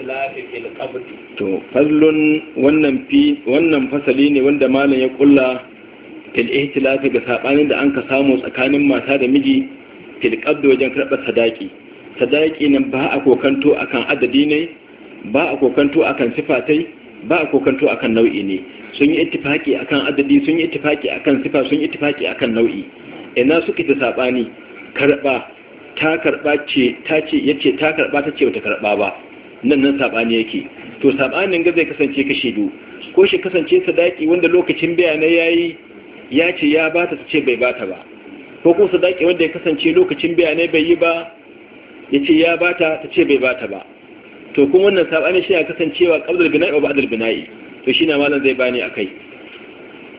to fazlun wannan fi wannan fasali ne wanda malam ya kulla fil ihtilafi ga sabanin da anka samu tsakanin mata da miji fil qabd wajen karba sadaki sadaki nan ba a kokanto akan adadi ne ba a kokanto akan sifatai ba a kokanto akan nau'i ne sun yi ittifaki akan adadi sun yi ittifaki akan sifa sun yi ittifaki akan nau'i ina suke ta sabani karba ta karba ce ta ce yace ta karba ta ce bata karba ba nan nan sabani yake to sabanin ga zai kasance kashe biyu ko shi kasance sadaki wanda lokacin bayanai yayi ya ce ya bata ta ce bai bata ba ko ko sadaki wanda ya kasance lokacin bayanai bai yi ba ya ce ya bata ta ce bai bata ba to kuma wannan sabani shi ya kasancewa qabdul bina'i wa ba'dul bina'i to shi na malam zai bani akai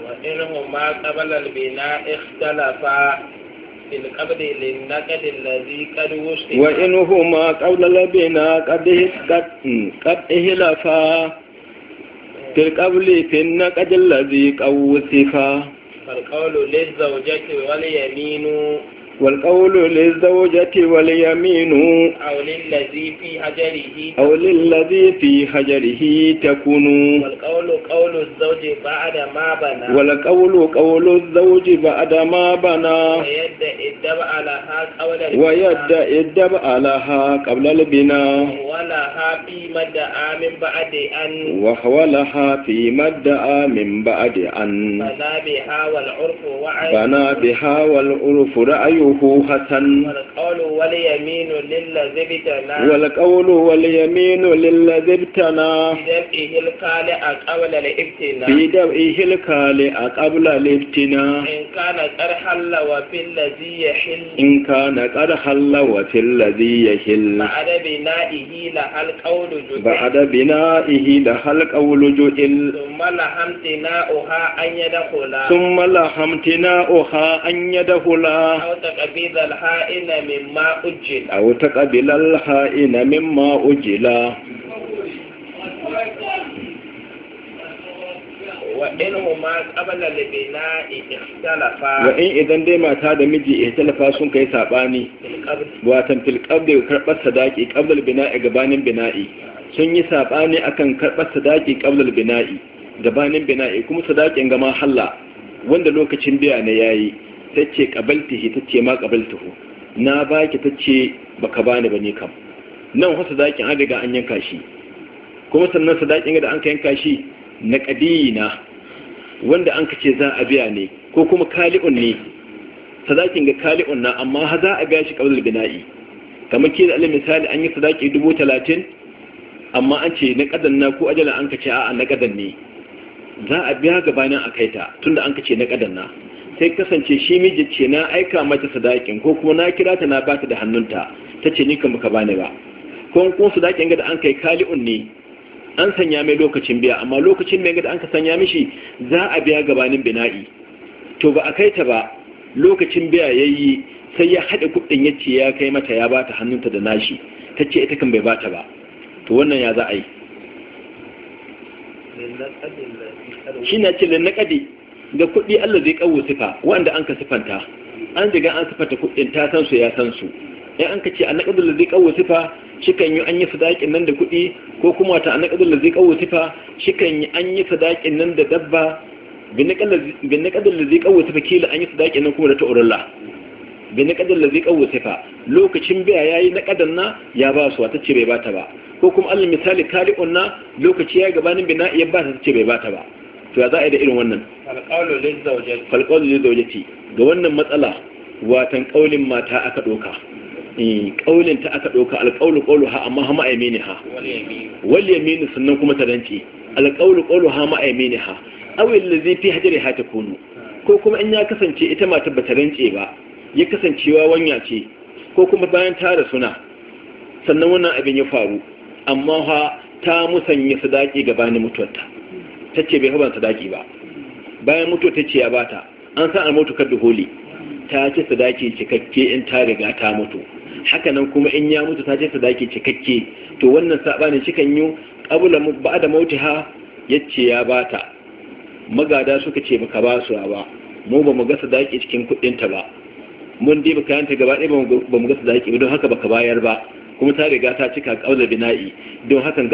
wa inhu ma qabala al bina'i ikhtalafa بالقبل للنقد الذي قد وشئ وإنهما قول لبنا قد قد إهلفا بالقبل في النقد الذي قد وصفا فالقول للزوجة واليمين والقول للزوجة واليمين أو للذي في حجره أو للذي في حجره تكون والقول قول الزوج بعد ما بنى والقول قول الزوج بعد ما بنى ويد الدبع لها قبل البناء ويد الدبع قبل البناء ولها في مدعى من بعد أن وحولها في مد من بعد أن بنى بها والعرف وعي بنى بها والعرف رأيه حسن والقول واليمين للذي ابتنى والقول واليمين للذي ابتنى القالع قبل لإبتنا بيدا إيهل كالي أقبل لإبتنا إن كان قد حل وفي الذي يحل إن كان قد حل وفي الذي يحل بعد بنائه لها القول جئل بعد بنائه لها القول جئل ثم لحمتنا أها أن يدخلا ثم لحمتنا أها أن يدخلا أو تقبل الحائن مما أجل أو تقبل الحائن مما أجلا wa in idan dai mata da miji ihtalafa sun kai sabani watan fil qabli karbar sadaki qabla al bina'i gabanin bina'i sun yi sabani akan karbar sadaqi qabla al bina'i gabanin bina'i kuma sadakin ga ma halla wanda lokacin biya ne yayi tace qabaltihi tace ma qabaltuhu na baki tace baka bani bane kam nan wasu sadakin an riga an yanka shi kuma sannan sadakin da an ka yanka shi na na. wanda an kace za a biya ne ko kuma kali'un ne sadakin ga kali'un na amma ha za a biya shi qaulul bina'i kamar ke da misali an yi sadaki dubu talatin amma an ce na kadan na ko ajala an kace a'a na kadan ne za a biya gabanin a kai ta tunda an kace na kadan na sai kasance shi miji ce na aika mata sadakin ko kuma na kira ta na bata da hannunta ta ce ni kan baka bani ba ko kun sadakin ga da an kai kali'un ne an sanya mai lokacin biya amma lokacin mai gada an ka sanya mishi za a biya gabanin bina'i to ba a kai ta ba lokacin biya ya yi sai ya haɗa kuɗin ya ce ya kai mata ya bata hannunta da nashi ta ce ita kan bai bata ba to wannan ya za a yi shi na ce ƙadi ga kuɗi allah zai ƙawo sifa wanda an ka sifanta an daga an sifanta kuɗin ta san su ya san su in an ka ce a naƙadar da zai kawo sifa shi kan yi an yi sadaƙin nan da kuɗi ko kuma ta a naƙadar da zai kawo sifa shi kan yi an yi sadaƙin nan da dabba bin naƙadar da zai kawo sifa kila an yi sadaƙin nan kuma da ta'urulla bin naƙadar da zai kawo sifa lokacin biya ya yi naƙadar na ya ba su wata ce bai bata ba ko kuma alal misali kari'un na lokaci ya gabanin bina ya ba ta ce bai bata ba to ya za a yi da irin wannan falƙalu lil zaujati ga wannan matsala watan ƙaulin mata aka ɗoka Eh, ƙaunin ta aka ɗauka alƙaunin ƙaunin ha amma ha mini ha wal yamini sannan kuma ta danci alƙaunin ƙaunin ha ma'aimini ha awil lazi fi hajjari ha ta kunu ko kuma in ya kasance ita ma ta bata rance ba ya kasancewa wanya ce ko kuma bayan ta suna sannan wannan abin ya faru amma ha ta musanya sadaki gabanin mutuwarta ta ce bai haɓar sadaki ba bayan mutuwa ta ce ya bata an san almotu da holi ta ce sadaki cikakke in ta riga ta mutu Hakanan kuma in ya mutu ta ce sadaki cikakke to wannan sabani shi cikan yi abula ba da mautiha yace ya bata magada suka ce baka ba su ba mu ba mu ga sadaki cikin kuɗin ta ba mun dai baka yanta gaba ɗaya ba mu ga sadaki don haka baka bayar ba kuma ta riga ta cika kaula bina'i don hakan